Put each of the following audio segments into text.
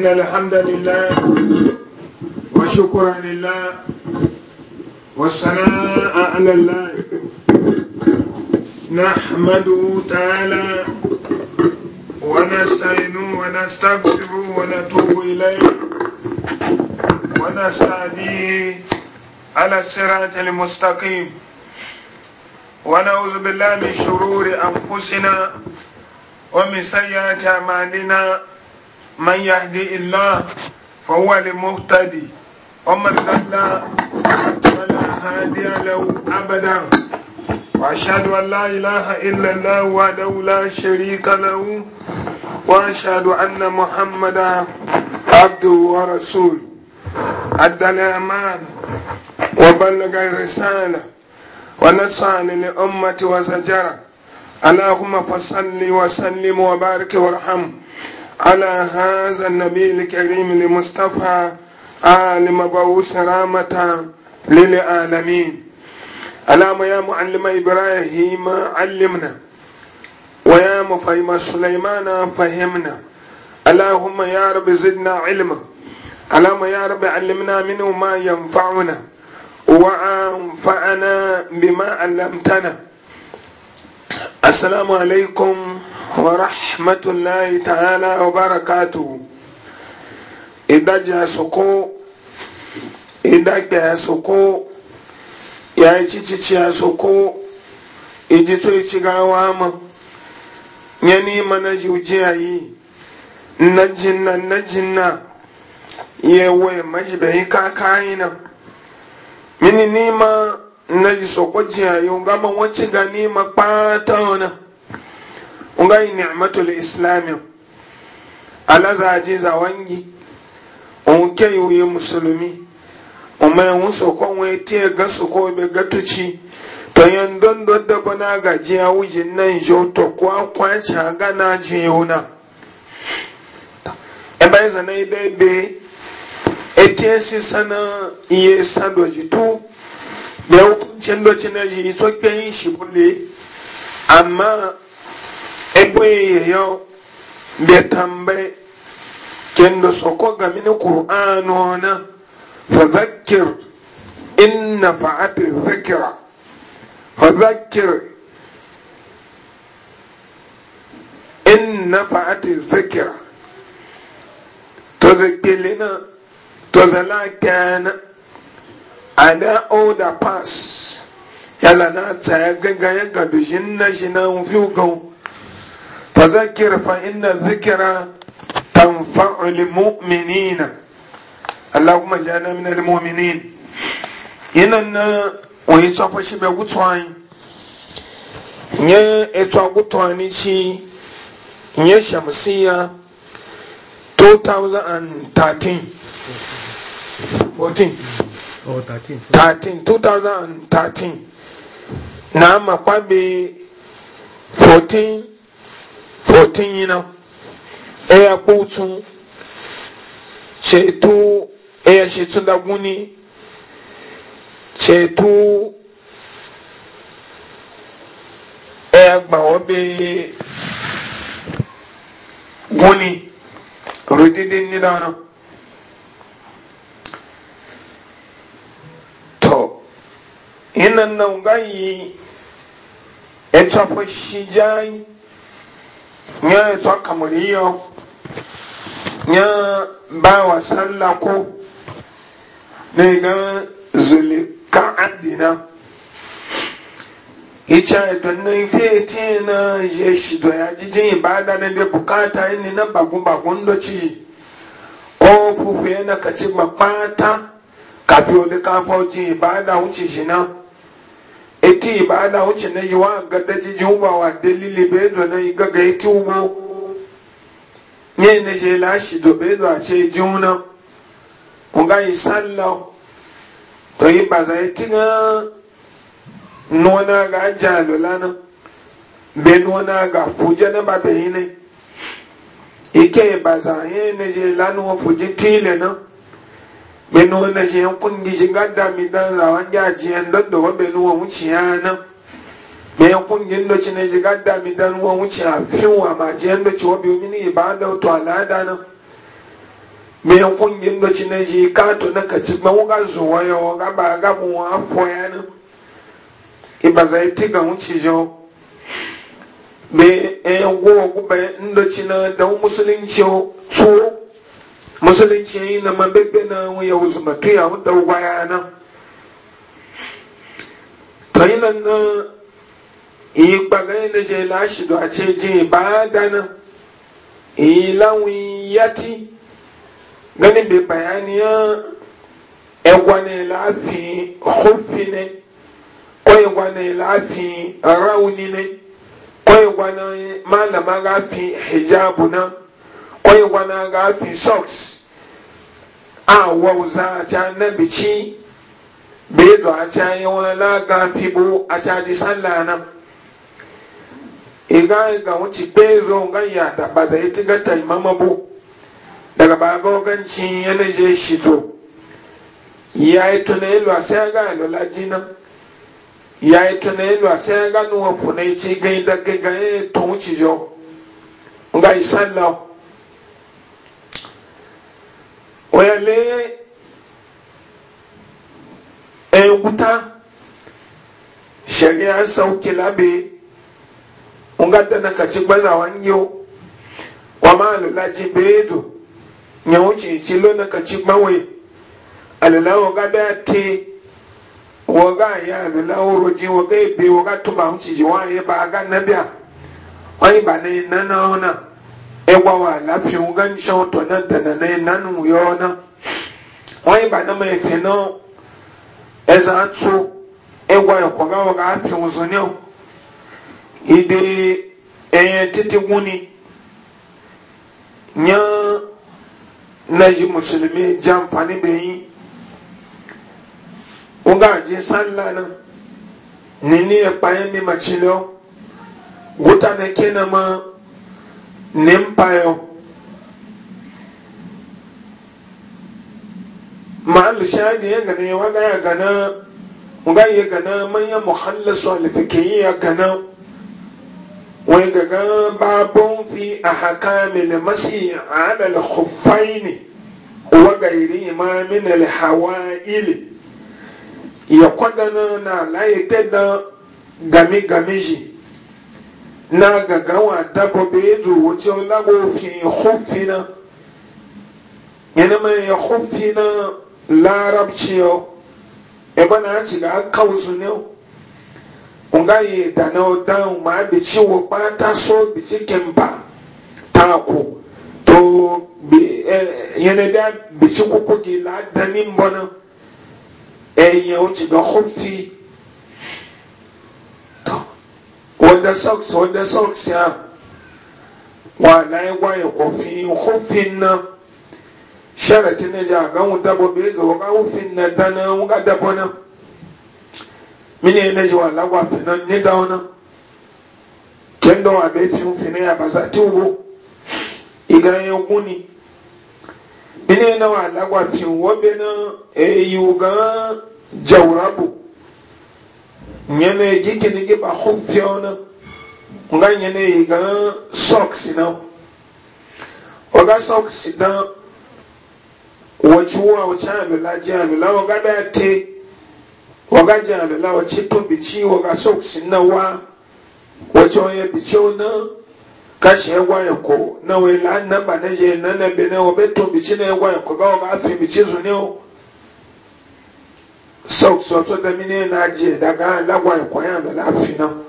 إن الحمد لله وشكرا لله والثناء على الله نحمده تعالى ونستعينه ونستغفره ونتوب إليه ونستهديه على الصراط المستقيم ونعوذ بالله من شرور أنفسنا ومن سيئات أعمالنا من يهدي الله فهو المهتدي ومن ضل فلا هادي له أبدا وأشهد أن لا إله إلا الله وحده لا شريك له وأشهد أن محمدا عبده ورسوله أدى الأمانة وبلغ الرسالة ونصان لأمة وزجرة اللهم فصل وسلم وبارك وارحم على هذا النبي الكريم المصطفى آل مبعوث رامة للعالمين اللهم يا معلم إبراهيم علمنا ويا مفهم سليمان فهمنا اللهم يا رب زدنا علما اللهم يا رب علمنا منه ما ينفعنا وأنفعنا بما علمتنا السلام عليكم Wa rahmatullahi ta'ala obarakatu idaja soko idagbe soko yayi cicici soko ijito icigawa ma Ya Ya na Na na yani mana jiujiyayi najinna najinna yewe majibeyi kakayina mini nima naji soko jiyayi ngama wanciga nima kpata ona ngai ni'matul islami alazaji za wangi onke yuye musulmi umai wun soko etinye tiye ga soko be gatuci to yan don don da bana gaji a wujin nan jo to kwa kwanci na gana jiyuna e bai zana idai be etiye si sana iye sadoji tu be hukuncin doci na ji ito kpe yin shi bule amma ekwe yo mbe tambe kendo soko ga mini qur'ano na fadhakkir in nafa'ati dhikra fadhakkir in nafa'ati dhikra to zikelina to kana ala oda pas yala na tsaya ganga ya gadushin na shi na fi fazakir fa inna zikira tanfa'u lil mu'minina allahumma ja'alna min al mu'minin yinan na oyi tsofa shi be gutwai nye eto agutwani shi nye shamsiya 2013 14 oh 13 13 2013 na makwabe 14 fotin yina eya kutun ceto eya shitun da guni ceto eya gbawo be guni rudidin nidana to inan nan gayi ya tafi shi jayi nye tɔ kamuri yɔ nye bawa sallah ko ne ga zuli ka adina icha don e na ife ti na je shi ya jijin ibada na be bukata e ni na bagun bagun do ci ko fufu yana e kaci mapata kafi odi kafa ji ibada wuce shi na eti ibada wuce na yi wa ga daji wa dalili bai zo na yi gaga eti ubo ne na je lashi do bai zo a ce juna kun ga yi sallau to yi ba za eti na nuna ga jalula na bai nuna ga fuje na ba bai ne ike ba za yi na je lanuwa fuje tile na benu na shi yankun gishin gada mi dan rawan jaji yan dan da wa benu wa wuce yana me yankun gin ci ne ji gada mi dan wa wuce a fin wa ma ji yan da ci wa biyu mini ibada to alada nan me yankun gin da ci ne ji ka to na ka ci ma wuga zuwa ya wa ga ba ga mu wa fo ya na. iba zai ti ga wuce jo me e yan go ku ba ndo ci na da musulunci musulunci yi na mabebe na ya wuzu matu ya wuda na to yi nan na yi gbaga yi na je lashi da a ce je ba da na yi lawin yati gani bai bayani ya egwa na hufi ne ko egwa na lafi rauni ne ko egwa na malama lafi hijabu na oyi wana ga fi socks a wauza a ca na bici bai do a ca yi wani ga fi a ca ji sallah nan iga e ga wuce bai zo ganya da ba zai ti ga taimama bu daga bagogancin yana je shito ya yi tunayi lwa sai ga ya yi tunayi lwa sai ga nuwa funai ce gai da tun wuce jo oyale eyukuta shari'a sauki labe ungadda na kaci gbazawan yau wa ma alulaji bedo ya ci lo na ga gbawe alula waga da te waga ya alula woroji waga ibe waga tuba wuce ji wa ya ba ga nabiya wani ba na yi nana ona ewa wa lafiyan gan shan to na da nan nan yo na wai ba na mai fino eza tso ewa ya ko ga wa ga fi uzunyo ide eh titi guni nya na ji musulmi jamfani bayin nga ji sallah na nini ya payan ni machilo guta na kenama ma nimpayo ma'allu shahidi ya gana ya wada ya gana nga ya gana manya muhallasu alfikiyyi ya gana wai gaga babon fi a hakamil masi ala al ne wa gairi ma min al ile ya kwadana na layi da gami gami shi na gagawa dabo bai zo wuce lago fi hufina yana mai ya hufina larabci yau ebe na ci ga aka wuzu ne nga yi da na odan ma bi ci wo pata so bi ci kemba taku to e, yana da bi ci kuku di la danin bana e yau ci ga hufi wanda socks socks ya wa lai waye kofi hufin na sharati na ja ga mu dabo be ga ga hufin na dana ga dabo na mine ne ji wala wa finan da kendo wa be fi hufin ya basa tubo iga yin guni mine na wala wa fi wo be na e yu ga jawrabu nyene gikini na nga nyɛnɛ yi gan sɔks na ɔga sɔks dan wɔtsi wo a wɔtsi alula dzi alula ɔga da te ɔga dzi alula wɔtsi to bitsi ɔga sɔks na wa wɔtsi ɔyɛ bitsiwo na kasi ɛwa ɛkɔ na wɔyɛ la namba ne yɛ nana bi na wɔbɛ to bitsi na ɛwa ɛkɔ ba ɔga afi bitsi zu ne o sɔks wɔtɔ dami ne na adi ɛdaga la wa ɛkɔ yɛ alula afi na o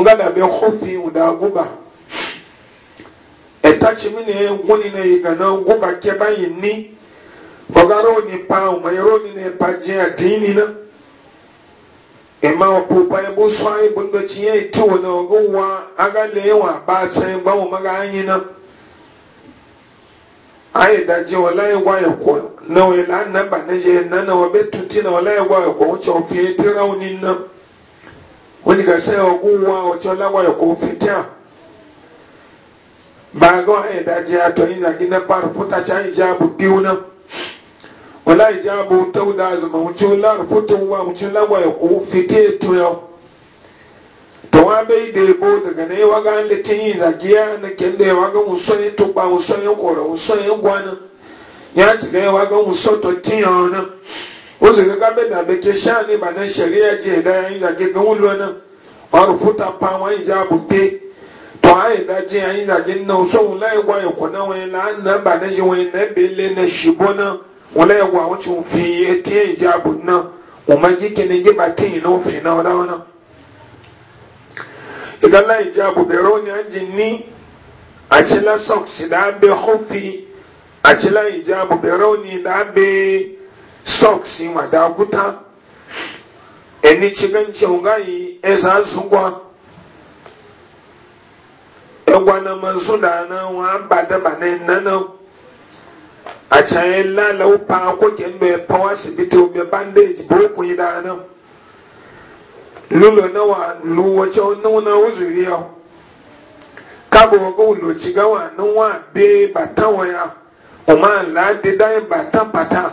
nga da bɛ hofi wuda guba ɛta kyimi na eguni na yigana guba kɛba yi ni ɔgara oni pa ɔma yɛrɛ oni na ɛpa gye adiini na ɛma ɔpo pa ɛbo so ayi bo ndɔkyi yɛ eti wɔ na ɔgo wa aga lee wɔ aba akyɛn gba wɔn aga anyi na ayɛ dagye ɔla yɛ wa yɛ kɔ na ɔyɛ la namba na yɛ na na ɔbɛ tuti na ɔla yɛ wa yɛ kɔ ɔkyɛ ɔfie tera oni nam. wani ga sai ogun wa wato lawa ya kofin tiya ba ga wani ya daji ya to yin zagi na fara futa can ijabu biyu nan wala ijabu ta wuda zuma wucin lara futun wa wucin lawa ya kofin tiya to yau to wa bai da yabo daga na yawa ga litin yin zagi ya na kyan da yawa ga muson yin tuba muson yin kora muson yin gwanin ya ci ga yawa ga muson to tiya wani ozu ke ka bena be ke shani ba na sharia je da yin da ke gawu lona or futa pa wa yin ja bute to ai da je yin da din na so un lai gwa yo kona wa la na ba na je wa na be le na shibona un lai gwa wa chu fi eti yin ja bu na o ma ji ke ne ge ba tin no fi na da ona idan lai ja bu be ro ni anjin ni a ci la socks da be khofi a ci la ijabu be ro ni da be socks yi ma da guta eni cikin cewa yi eza zugwa egwa na mazu da na wa daba da ba na nana a can yi lalau pa ko ken be pawa sibiti obe bandage bo ku yi da na lulo na wa lu wace wannan na uzuri ya kabo ga ulo cigawa nan wa be bata waya o ma la de bata batan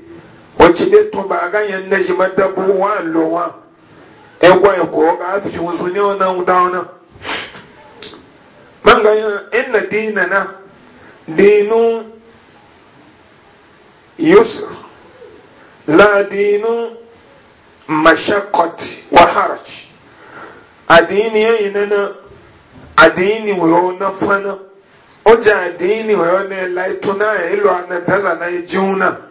wacce bai tuba a ganyen na shi madabu wa allowa ya kwaye ko ga afi wasu ne wani wudawana man ganyen inna dina na dinu yusuf la dinu mashakot wa haraj adini ya yi na adini wa na fana oja adini wa na laituna ya ilo na dala na jiuna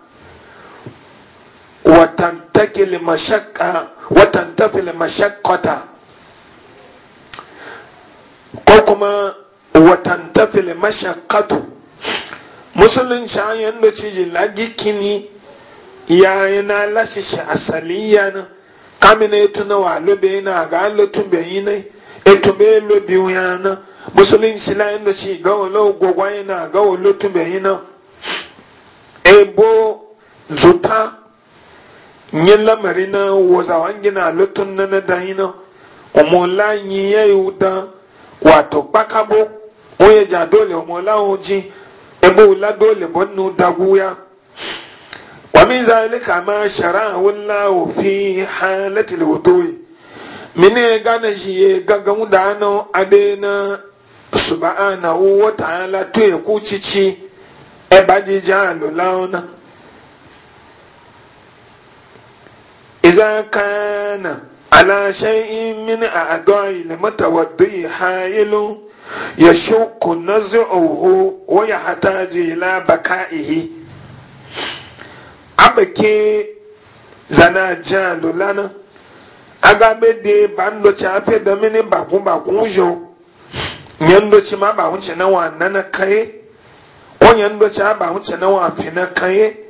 watantafi mashakkata ko kuma watantafi mashakkatu musulun shayan da ciji lagi kini yayi na lashishi asali yana kamina ya na wa lobe yana ga lotun bayi na etu be lobi yana musulun yin da ci ga wala gwagwa yana ga lotun bayi na ebo zuta nye lamari na waza wangi na lutun na na dan na umola yi ya yi wato kpakabo oye ja dole umola oji ebe ula dole bonnu dagu ya wa min zalika ma shara'ahu Allah fi halati alwudu'i mine gane shi ya gaggamu da na ade na subhanahu wa ta'ala to ya kucici e baji ja lulauna iza kana ala shay'in min a'da'i lamatawaddi hayilu yashukku naz'uhu wa yahtaju ila baka'ihi abake zana jalo lana aga bede bando cha pe da mini baku baku jo nyando chi ma ba hunche na wa nana kai ko nyando cha ba hunche na wa fina kai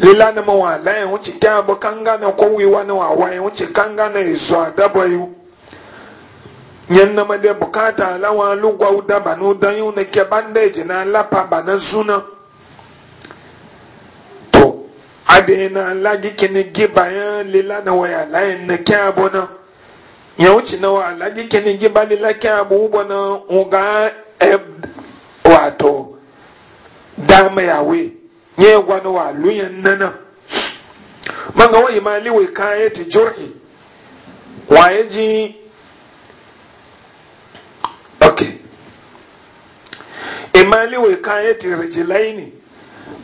lila na mawa laye wuce ta abu kanga na kowewa na wawa ya wuce kanga na izo a dabayu yan na made bukata alawa lugwa uda ba no dan yau na ke bandeji na lapa ba na suna to adi na lagi kini giba ya lila na waya laye na ke abu na ya wuce na wa lagi kini giba lila ke abu ubo na uga e, wato dama yawe nye gwani wa luyan nana manga wa imali wa kaya ti jur'i wa yaji okay imali wa kaya ti rijilaini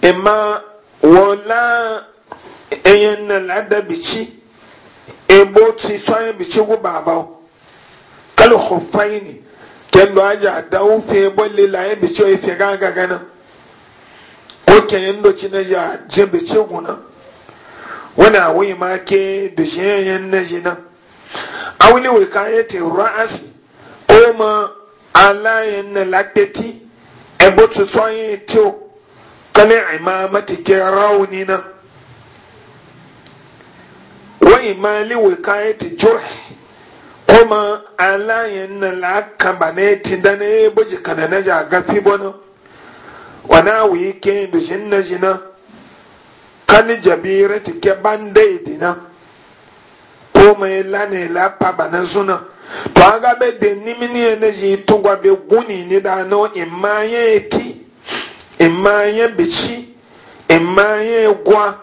ima wala eyan na lada bici ebo ti tsayin bici gu baba kalu khufaini kendo aja dawo fe bolle la yin bici o ife gaga gana. kokayen doci na ya jebe ce guna wani awon ma ke da shiyayen na shi nan awuli wai kayan te ra'asi ko ma alayen na lakpeti ebo tutsuwan yi tiyo kane aima matike rauni na wai ma liwe kayan te jure ko ma alayen na lakamba ne ti dane boji kada na ja gafi bonan wana wii kee do jinna jina kani jabira ti ke bandai dina ko mai lane la pa bana suna to aga be de nimini ne ji tugwa be guni ni da no imaye ti imaye bichi imaye gwa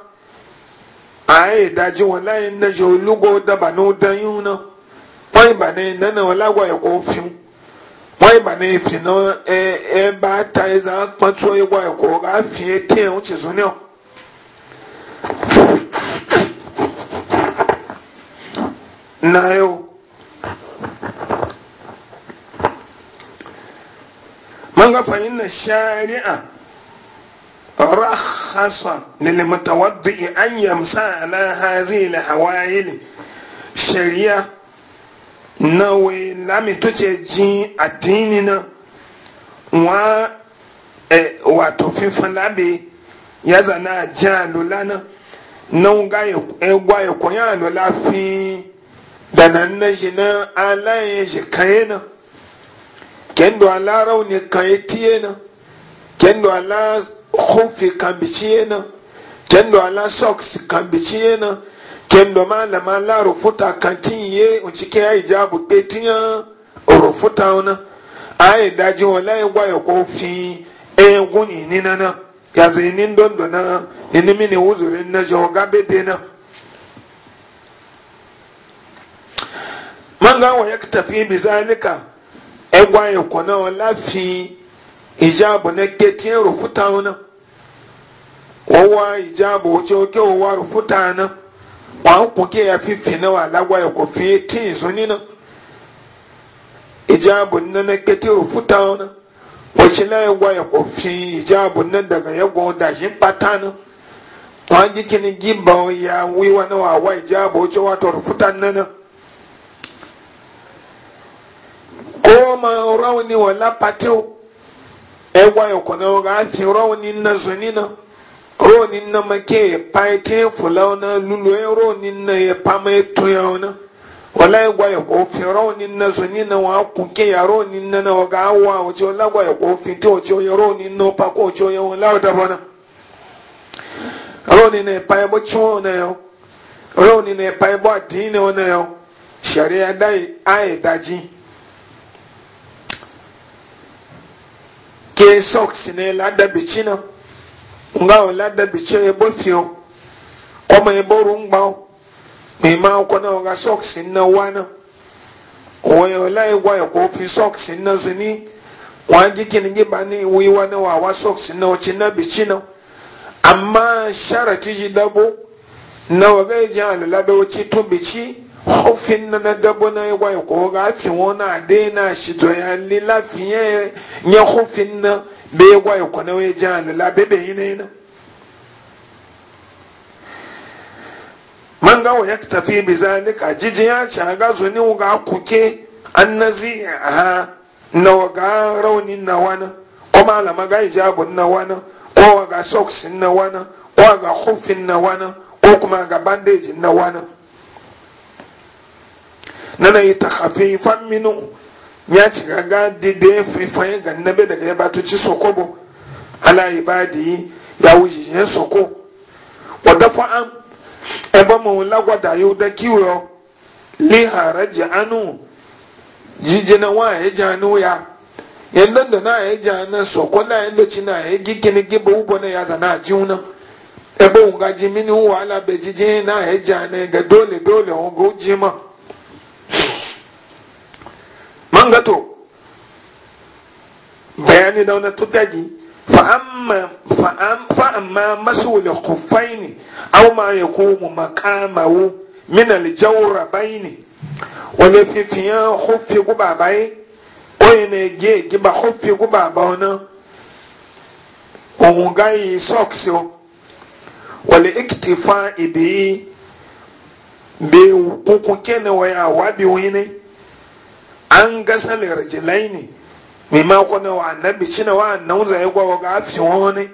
aye daji wallahi na jo lugo da banu da yuna pai bane nana wala gwa ya ko fim wọ́n ìgbà ní ìfìnà ẹ ẹ bá ta ẹ̀zá pọ́ntú ìwà ẹ̀kọ́ ọ̀gá fi etí ẹ̀ ń tìṣú ní ọ̀. náà manga fahim na shari'a rakhasa lil mutawaddi an yamsa ala hazihi al hawaili shari'a na we lami tuce jin addini na wa e, wato fifan labe ya zana jin alola na nan e, gwa ya koya alula fi da nan na shi na alayen shi kaye na kendo ala rauni kaye tiye na kendo ala kofi kan biciye kendo ala socks kan biciye kendoma ma la la rufuta kantin ye o ya ijabu pe tiya rufuta ona a daji wọn lẹyìn wáyọ kó fi eegun ní nínà náà yàtọ̀ ní na náà nínú mi ní na náà ṣe ọ̀gá bèdè náà. manga wọn yẹ kìtàpí bisalika ẹgbà ẹkọ náà láfi ìjáàbù náà ké rufuta ona owa ijabu ìjáàbù ojú rufuta náà. kwan kuke ya fifi na walagwa ya kofi tin zuni na ijabun na na kete rufuta na wace layagwa ya gwa ya kofi ija ijabun na daga ya da shi pata na kwan jikin gimba ya wiwa na wawa ijabu wace wato rufuta na na ko ma rauni wala patio egwa ya kona kwana ga fi rauni na zuni na ronin na make ya fula fulauna lulu ronin e e na ya fama ya tuyauna wala ya e na na wa kuke ya ronin na na waga awa wace wala gwaya kofi ta wace ya ronin na fa ko wace ya wala da bana na ya fa ba ciwo na yau ronin na na shari'a dai ai daji ke socks ne ladabi nga o lada bitse ebo fio kɔma ebo rungba o mɛ e ma ko na o ka sɔks na wa na o yɛ o la yɛ e gba e k'o fi sɔks na zuni wa adi kini gye ba ni wi wa na wa wa sɔks na o kyi na bitse na amma sharati ji dabo na o ka yɛ gye alala o kyi to bitse. ofin na na dabo na wai ko ga fi wona de na shi to ya li la fi ye nya ofin na be wai ko na wai jan la be be yi na man ga wa tafi bi zalika jijiya cha ga zuni ga kuke annazi ha na ga raunin na wana ko la maga ijabun na wana ko ga socks na wana ko ga khufin na wana ko kuma ga bandage na wana na yi tahafi fan minu ya ci gaga dide fifayen ga nabe daga ya batu ci soko bo ala ibadi ya wuji ya soko wadda fa'an ebe mu gwada yau da kiwo li haraji anu jijina wa ya ji anu ya yadda da na ya ji anu soko na ya loci na ya gikini giba ubo na ya zana jiuna ebe wunga mini wahala bai jijin na ya ji ga dole dole wunga ujima. man ga to bayani da wani tutagi fa'amma masu da kufai ne au ma ya komu makamawo min aljawra bayni wani fifiyan hufi guba bayi oyi na ge giba hufi guba ba wani ohun gayi socks wani iktifa ibi bi kukun kene waya wabi wani an gasa lirajilai ne mai mako na wa annabi cina wa annan zai gwawa ga afi wani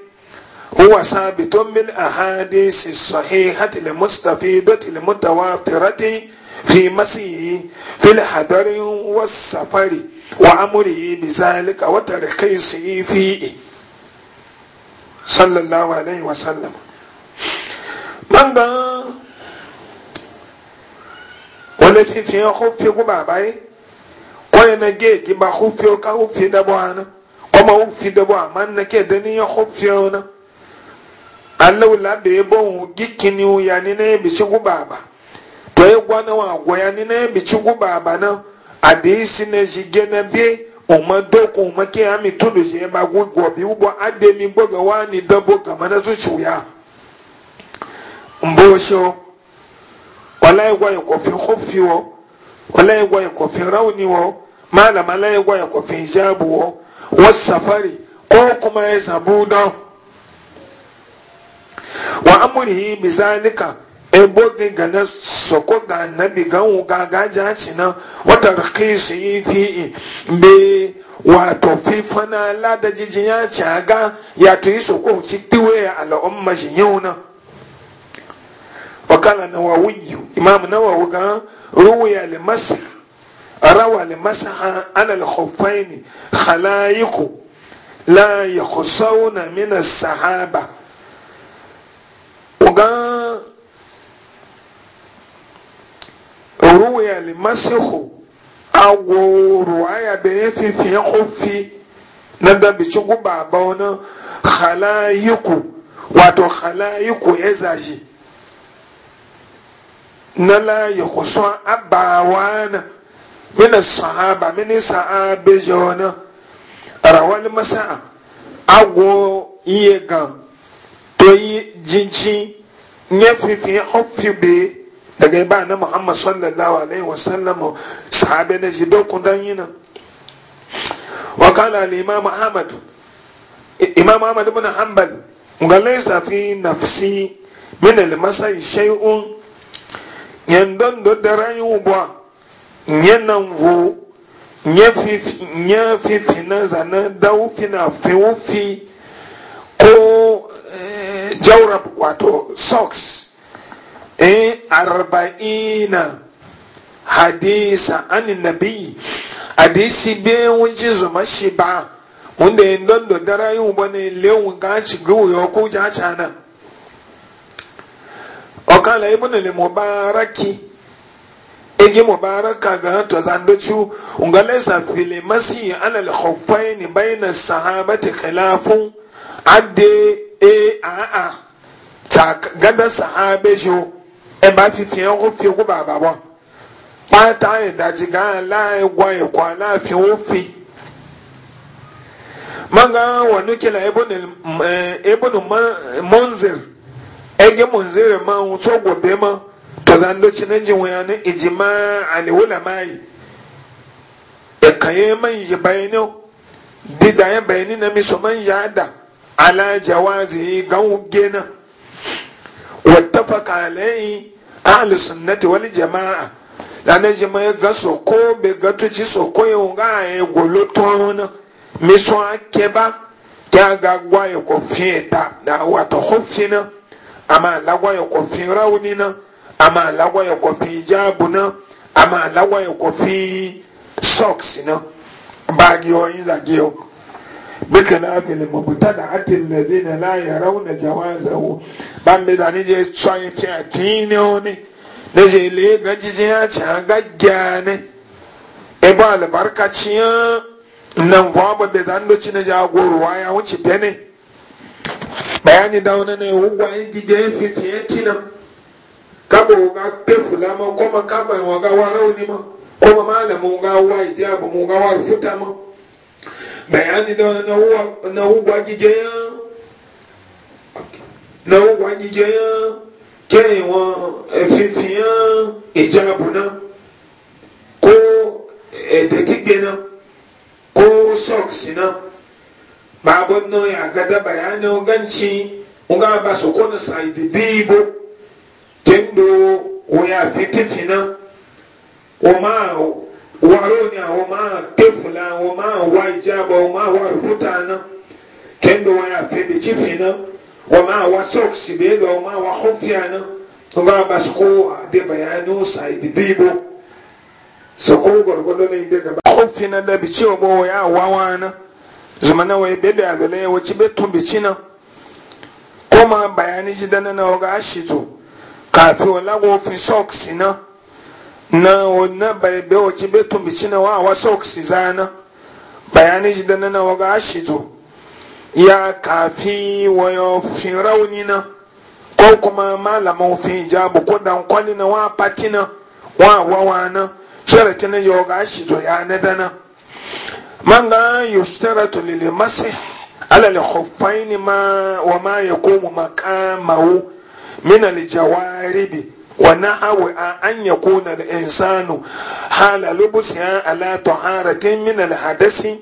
huwa sabitun min ahadisi sahihati li mustafi dati li mutawatirati fi masihi fil hadarin was safari wa amri bi zalika wa tarkisi fi sallallahu alaihi wa sallam man wani fifiyan kofi guba bayan kɔɛ na ge geeti ba ko fiyewu ka ko fi dabɔ ana kɔma ko fi dabɔ a man na kɛ dani ya ko fiyewu na alaw la bee bɔn gikiniw ya ni ne bi ci ko baaba tɔye gɔna wa gɔya ni ne bi ci ko baaba na a de si na zi gɛnɛ bie o ma do ko ma kɛ ami tulu zi ba ko bi bɔ a de mi bɔ ka waa ni dabɔ gama na so suya n b'o se o wala ye gɔye kɔfi ko fi o wala ye gɔye kɔfi raw ni o. malama gwa ya gwaya kwafin shabuwa wasu safari ko kuma ya sabu don wa amurhi bizanika ebogi gana soko ga annabi ganwu ga gaja ci na wata rikisu yi fi'i be wato fifana lada jijin ya ci aga ya tuyi soko ci tiwe al'umma shi yau nan wakala na wawuyi imam na wawu ga ruwaya limasir روى المسح على الخفين خلائق لا يخصون من الصحابة وقال روي المسح أو رواية بيفي في خفي نبدأ بشكو بابونا خلائق wato khalayiku ya zashi na la ya kusa abawana من الصحابة من الصحابة جونا روى المساء أغو إيغان توي جنجي نففي حفي بي daga ba na muhammad sallallahu alaihi wasallam sahabe na shi dokun dan yi nan wa kana imam ahmad imam ahmad ibn hanbal ngalai safi nafsi min al-masai shay'un yandan do da rayu ba nye nanvu nye fifi nye fifi na zana dawu fi na fewu fi ko ee eh, jawra wato socks na eh, arba'ina hadisa an nabi hadisi be wunji mashi shi ba wanda yin don da dara yin bane lewun ga shi guwu ya ko ja cana ọkala ibn al ege mubaraka ga to zandochu ungalesa fili masi ala al khuffain baina sahabati khilafun adde e a a ta gada sahabe jo e ba fi fi ko fi ko baba wa pata e daji ga la e gwa e kwa la fi o fi manga wa nukila ibn ibn eh, munzir ege munzir ma un to gobe ma to zan doci nan jin wayanin ijima ani ulamai e kaye man yi bayani dida ya bayani na miso man ya da ala jawazi gan gena wattafaka alayhi ahlus sunnati wal jamaa zane jima ga soko be ga tuci soko ya ga ya golo tona miso ake ba ya ga gwa ya kofi ta da wato kofi amma lagwa ya rauni na ama alawa yɛ kɔfi jaabu na ama alawa yɛ kɔfi socks na baagi yɛ ɔyin zagi yɛ bika na afili mɔbuta da ati lɛzi na la yɛrɛw na jawaza wo bambi da ne je tsɔ ye fi ati ne o ne ne je le ga jijin ya ci a ga gya ne e ba albarka ciya nan fa ba da zan do ci na jagoro wa ya wuce bene bayani da wani ne wugwa yin gije fi ciye tinan kaba oga pefula ma kɔma koma kaba oga ni ma Kɔma ma mala mu ga wa ijabu mu ga warfuta ma ni dɔn na huwa na wu huwa gijeya na huwa gijeya ke won e, fifiyan ijabu na ko gbe e, na ko socks na babu na ya gada bayanin ganci nga ba su kona side bo. Kendo oya fititi na o ma waro o ma tefula o ma wa ijaba o ma wa rufuta na tendo oya febiti fina o ma wa soksi be do o ma wa khofia na o ba basko de bayanu side bibo sako gorgodo ne de gaba khofina da bici o bo ya wawana zumana wa e bebe abele wa ci betun bici na kuma bayani shi dana na ga shito kafin walago fi socks na na wannan bai bai wace bai na wawa socks zana bayanin shi da nana waga ashizo ya kafi wayo fi rauni na ko kuma malaman fi jabu ko dankwali kwali na wa pati na wa wawa na na yoga ashizo ya na dana man ga yushtaratu lil masih ala al khuffain ma wa ma yaqumu maqamahu min aljawaribi wa na'awi an yakuna al-insanu halalubusia lubsiha ala taharatin min al-hadasi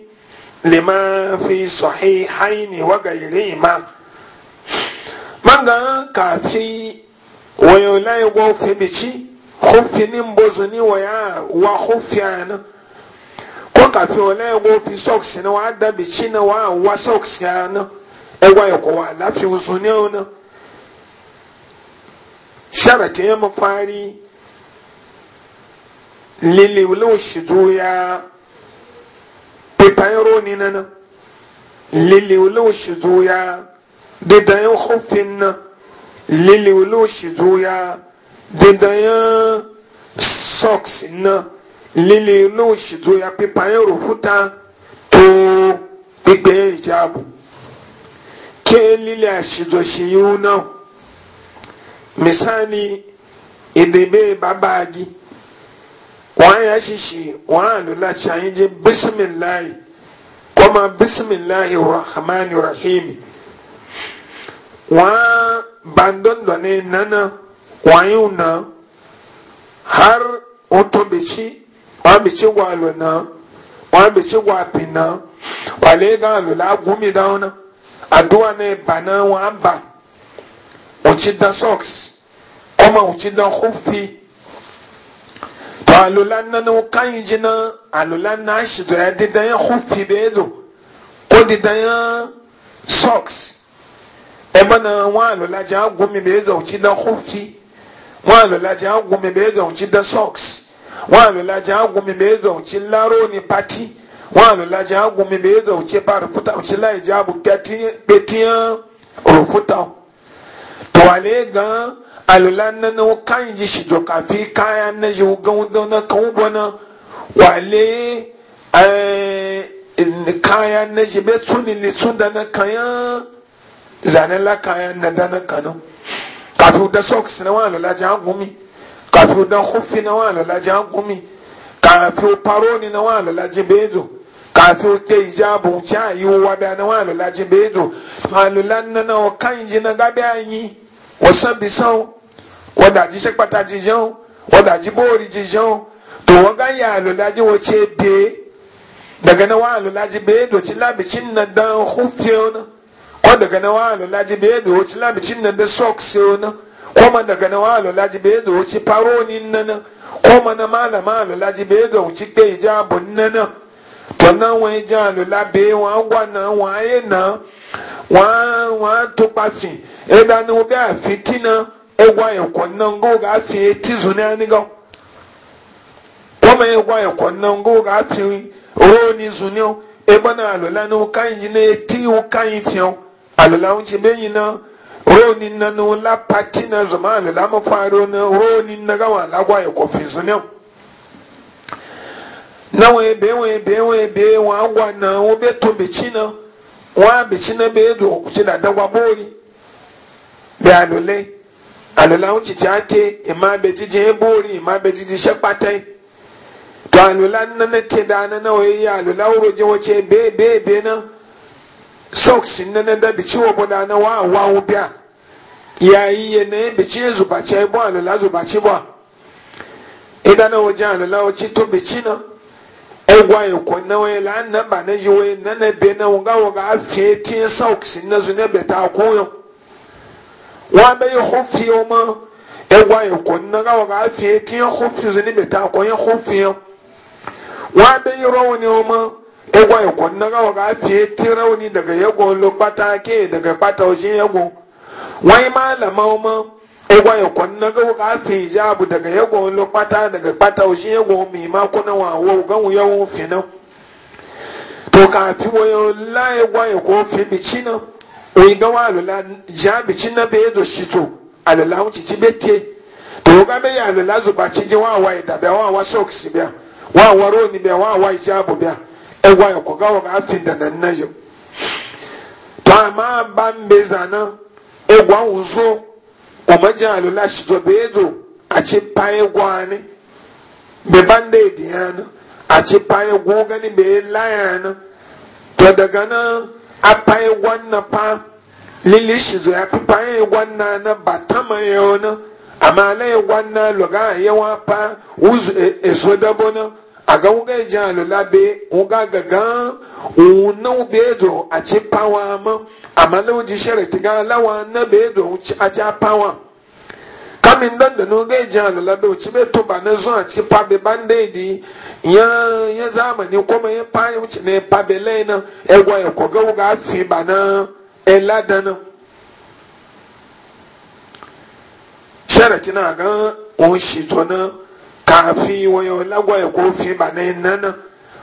lima fi sahihaini wa ghayrihima manga kafi wayo lai go fibici hufi nin bozuni waya wa hufiana ko kafi wala ya gofi socks na wa dabici na wa wa socks ya na ewa ya kowa lafi usuni na sharatin ya mafari liliwulin shizu ya pipayen ni na nan liliwulin shizu ya didayen hufin na liliwulin shizu ya didayen socks na liliwulin shizu ya pipayen rufuta to gbigbe ijabu ke lili a shizo shi yiwu misani idebe babagi wọn ya shishi wọn alula cayin je bisimilahi kuma bisimilahi rahmani rahimi wọn bandondo ne nana wọn yi na har wato bici wọn bici gwalo na wọn bici gwafi na wale ga alula gumi da wani aduwa ne bana wọn ba wòtí dan socks kọ́mọ wòtí dan hófì tó àlùlá nánú káyìn jìnnà àlùlá náà ṣètò ẹ̀ dídán yẹn hófì bẹ́ẹ̀ dò kó dídán socks ẹ̀ bọ́nà wọn àlùlá jẹ́ àgùnmi bẹ́ẹ̀ dò wòtí dan hófì wọn àlùlá jẹ́ àgùnmi bẹ́ẹ̀ dò socks pati wale gan alulan nan kan ji shi jo kafi kayan na ji gan na kan gona wale eh, kayan na ji be tuni ni tun da na kayan zanen la kayan na da na kanu kafi da socks na wani lalaji an gumi kafi da hufi na wani lalaji an gumi kafi paroni na wani lalaji bezo kafi ke ijabu cha yi wada na wani lalaji bezo alulan nan kan ji na gabe anyi wọ́n sàn bí sàn wọ́n dàjí ṣe pàtàkì jẹun wọ́n dàjí bóòrì jí jẹun wọ́n gá yà àlòlájí wọ́n ṣe bèè daga na wọ́n àlòlájí bèè dòtí lábìtì nà dán hún fíẹ́ náà kọ́ daga na wọ́n àlòlájí bèè dòtí lábìtì nà dán sọ́ọ̀kì fíẹ́ náà. koma daga na walo laji bedo wuci faroni nana koma na mala malo laji bedo wuci pe ijabu nana to na won ijalu labe won gwa na won aye na won won to pafi ebe na obi a fitina egwa ya kwannan go ga fi eti zuna ni ga kuma egwa ya kwannan go ga fi ro ni zuni ebe na alụla na kan yi na eti u kan yi fi alụla un ji beyin na ro nna na no la pati na zuma alụla ma faro na ro ni na ga wa lagwa ya ko fi zuni na wee bee wee bee wee bee wa agwa na obe to na wa bechi na be do chi na dagwa bori bí alole alole àwọn títí àké ìmọ̀ abẹ́jíjí ébóorí ìmọ̀ abẹ́jíjí iṣẹ́ pátẹ́ tó àlòlé nínú ti dáná náà wọ́n yí àlòlé àwòrò jẹ́ na socks nínú dẹ́bi tí wọ́n bọ̀ dáná wọ́n àwọ̀ àwọn bíà yayi yẹn náà ebi tí zùbàtsẹ́ bọ́ àlòlé zùbàtsẹ́ bọ́ ìdáná wọ́n jẹ́ àlòlé wọ́n ti tóbi tí náà. egwa la'an na jiwe na na be na wunga waga afiye tiye sauks na wọn yi hofi ma a ɛwɔ ayɛ kɔ nnaga wɔ yi tiɛ hofi zini bɛta akɔnyɛ hofi wọn abɛyɛ rɔwɔ ne yi a ɛwɔ e ayɛ kɔ nnaga wɔ afie tiɛ wɔn ni daga yɛ gɔn lo kpata ke daga kpata o zin yɛ gɔn wọn yi ma lama wɔn a ɛwɔ ayɛ kɔ nnaga wɔ afie hijab daga yɛ gɔn lo kpata daga kpata o zin yɛ gɔn mi ma kɔ na wɔn awɔ gan wɔn yɛ wɔn fi na to kaafi wɔn yɛ la ɛwɔ e yi kɔ fi bi kyi na. wai ga wa alula jabici na bai do shi to alula wuce ci bete to ga bai alula zuba ci ji wa wa da bai wa wa socks biya wa wa roni biya wa wa jabu biya e gwa ya ko ga wa ga afin da nan nan yau to amma ban bai zana e wuzo o ma ji alula shi to bai do a ci paye gwa ne bai ban da idiyana a ci paye gogani bai layana to daga na. apae wanna pa lili shizo ya pipae wanna na batama yona amma lai wanna loga yawa pa uzu eso e dabo e na aga wuga ji alula be wuga gaga wuna be do a ci pawa ma amma lai ji sharati ga lawa na be do a ci pawa kami ndanda no ga je alala do ci be to ba ne zon ci pa be bande di ya ya zamani kuma ya pa ya ci ne pa be le na e gwa ya ko ga ga fi ba na e ladana sharati na ga on shi to na kafi waya ya lagwa ya ko fi ba na ina na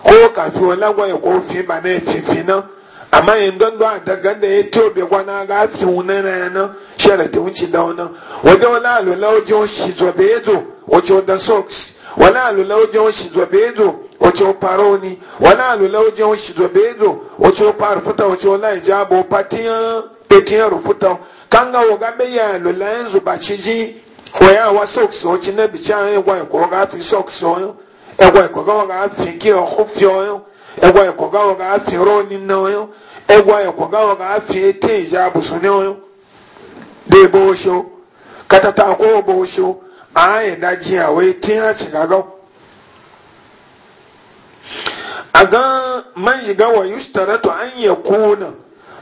ko kafi waya lagwa ya ko fi ba na fi na amma yin don don a daga da ya to bai gwana ga fi wuna na yana shara ta wuce da wani wajen wani alula wajen shi zobe ya zo wajen da socks wani alula wajen shi zobe ya zo wajen paroni wani alula wajen shi zobe ya zo wajen parfuta wajen wani ijabo patiyan petiyan rufuta kan ga waga bai yi alula yanzu ba ci ji koyawa socks wajen na bi bica yan gwa ikwa ga fi socks yan gwa ikwa ga fi ki ọkụ fi ọyọ egwa ekogawo ga afi roni noyo egwa ekogawo fi afi eteja abusu noyo de bosho katata ko bosho aye daji awe tin a shigago aga man yiga wa yustaratu an yakuna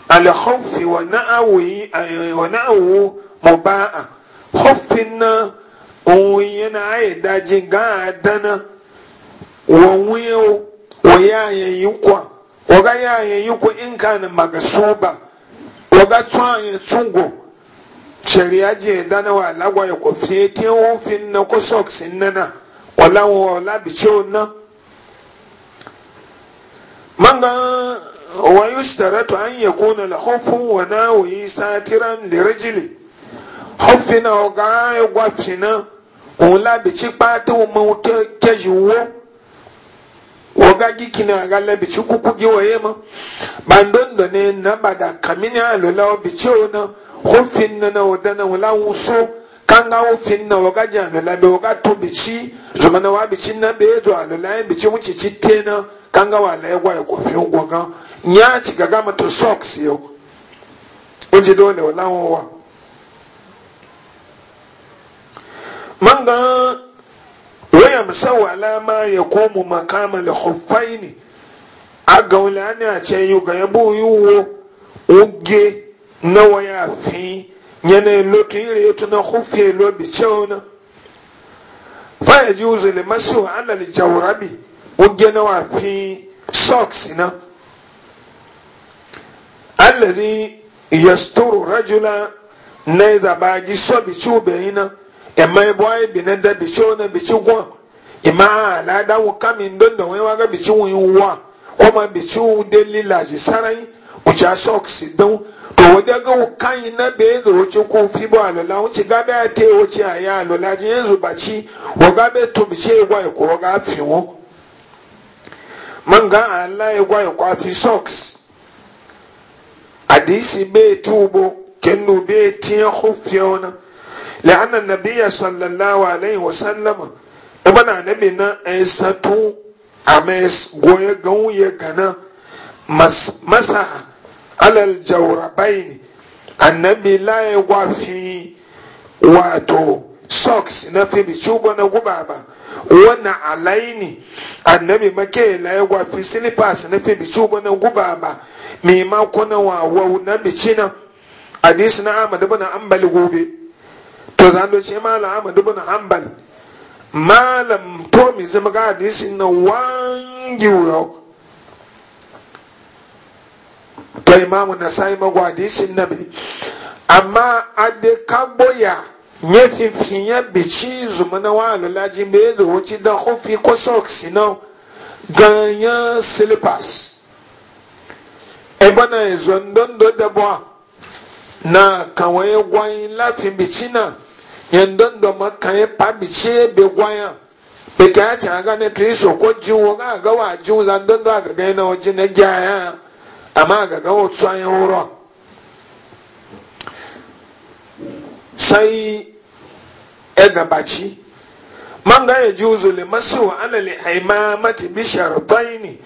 al khawfi wa na'awi eh, wa na'awu muba'a khawfin na yana aye daji ga dana wa wiyo wa yayan yi kwa waga yayan yi kwa in ka ni magasuba waga tsayin tsungo shari'a je dana wa lagwa ya kofi te ofin na ko socks nana kwala wa la bi ce na manga wa to an yi yakuna la khawfu wana nawi satiran da li rajuli khawfina wa ga ya gwafina ko la bi ci patu mu ke jiwo woga gikini aga la bici kuku gi waye ma bandondo ne na bada kamini alola o bici ona hofin na na wadana wala wuso kanga hofin na woga ji alola be woga to bici zumana wa bici na be edo alola yin e bici wuce ci tena kanga wala ya gwaye kofi gwaga nyachi ci gaga mata socks yo oje dole wala wa manga yamsahu ala ma yaqumu maqama al-khuffaini agawla ni a ce yu ga yabu yuwo uge na waya fi yana lotu ire to na khuffe lo bi chawna fa yajuzu limashu ala al-jawrabi uge na wa fi socks na alladhi yasturu rajula na zabaji so bi chubeina yi na. ai bi na da bi chona bi chugwa ima alada wo kami ndondo wen waga bici wun wa kuma bici wun da laji sarai uja socks don to wadda ga kan na be da wuce ko fi bo alola wuce ga be te wuce aya alola ji yanzu baci wo ga be to bici gwa ko ga fi wo man ga Allah gwa ko fi socks hadisi be tubo kenu be tiya khufiona لأن النبي صلى الله عليه وسلم ebe na anabi na nsatu ames goye gan ya gana masa alal jawrabaini annabi laye wafi wato socks na fibi shugo na guba ba wannan alaini annabi make laye wafi slippers na fibi shugo na guba ba mai mako na wawo na bicina hadis na ahmad an bali gobe to zan ce malam ahmad an bali. malam to mi zama ga hadisi na wangi wuyo to imamu na sai magwa hadisin bi amma ade kagboya nye fifin ya bici zuma na wani laji mai da wuce da kofi ko socks na ganyen slippers ebe na izo ndondo do na kawai gwayin lafin bici na yendon do makanye pabiche be gwaya be kaya cha ga ne tri so ko jiwo ga ga wa jiwo zan don do ga ga na oji ne gya ya ama ga ga otu anya wuro sai ma ga ya ji ga ya ana le masu ala li haimamati bi shartaini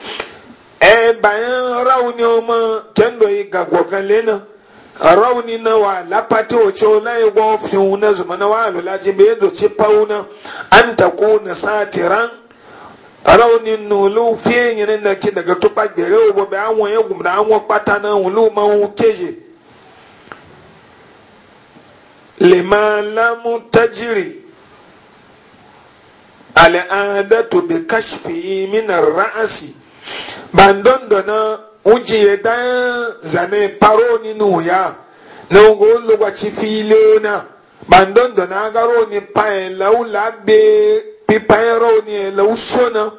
e bayan rauni o ma tendo yi ga gogan rauni na wa lapati ocho na igwa fiun na zuma na wa lulaji be do ci pauna an ta ko na satiran rauni fiye yin na ki daga tupa gbere obo be awon egum na awon pata na hulu ma keje lima lamu tajiri al'adatu bi kashfi min ar-ra'si bandon dona wuji ya dan zane paro ni nuya na ngo lokaci fili na bandon da na garo ni pae laula be pipae rauni lausona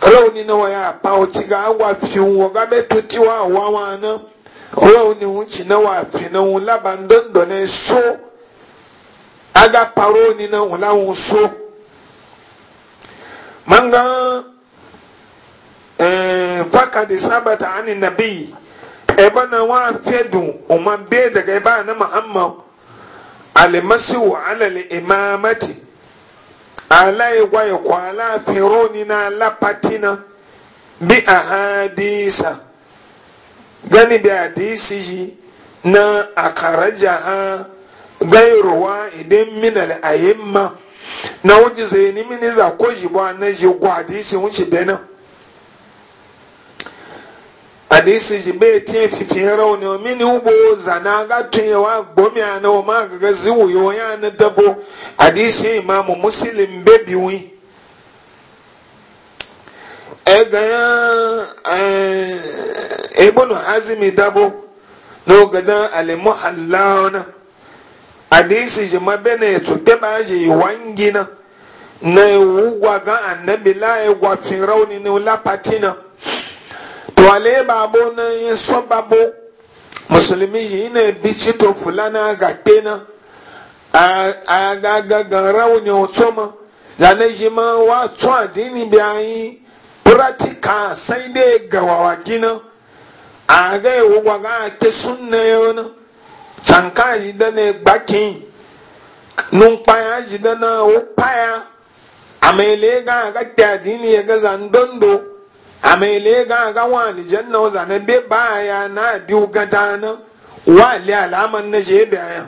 rauni na waya pawo ci ga agwa fi wo ga betu ti wa wa wa na rauni wuci na wa fi na wula bandon na so aga paro ni na wula so manga fakad eh, sabata ani nabi eba na wa fedu umma be daga eba na muhammad almasihu ala imamati alai e wa ya e kwala fironi na lapatina bi ahadisa gani bi hadisi na akarajaha gairuwa idan minal ayimma na wuce zai ni mini ko shi ba na shi kwa hadisi wuce da hadisi ji bai ce fifihin rauni o mini ubo zana ga wa gomi a na ma gaga ziwu yi wa yana dabo hadisi imamu muslim bebi wi e ga ya e, ibnu hazimi dabo na no gada alimuhallawna hadisi ji ma bene to gaba ji wangina na ewu ga annabi la e gwafin rauni ne la patina wale babo na yin so babo musulmi yi ne bici to fulana ga pena a ga gangan rauni hoto ma zane shi ma wa tun adini bi anyi pratika sai dai gawawa gina a ga yi e wugwa ga ake sunna yau na canka yi da ne gbakin numfaya ji da na wupaya a mai lega ga ta adini ya ga zandon do a amele ga ga wani janna oza na be baya na diu gadana wali alaman na je baya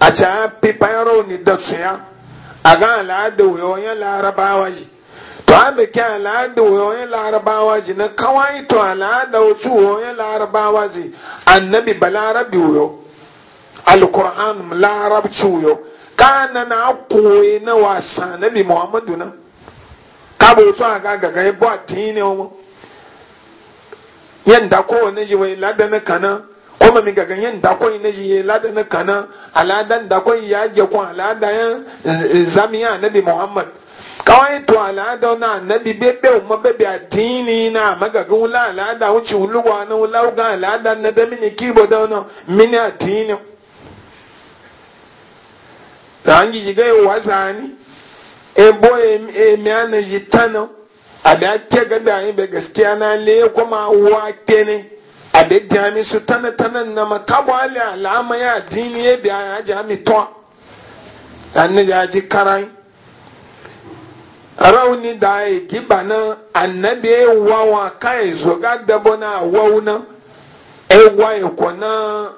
a ca yaro ni da suya a ga al'ada wuyoyin larabawa ji to a biki al'ada wuyoyin larabawa ji na kawai to al'ada wasu wuyoyin larabawa ji annabi balarabi wuyo alkur'an larabci wuyo kana na koyi na wasa nabi muhammadu na. kabo otu a ga gaga a e ne omo yan ji wai lada na kana mi gaga yan ji lada na kana ya je alada eh, nabi muhammad kawai to alada na nabi bebe o bebe a tin na magaga wula alada wuce wuluwa na wula alada na da mini kibo da mini a yi e wasa ni ebo emi ana ji tana abi ake gada anyi gaskiya na le kuma wa kene abi jami su tana tana na kabo ali alama ya dini ya biya ya jami to ya rauni da ya giba na annabi ya wawa kai zo ga dabo na wawuna ewa ikona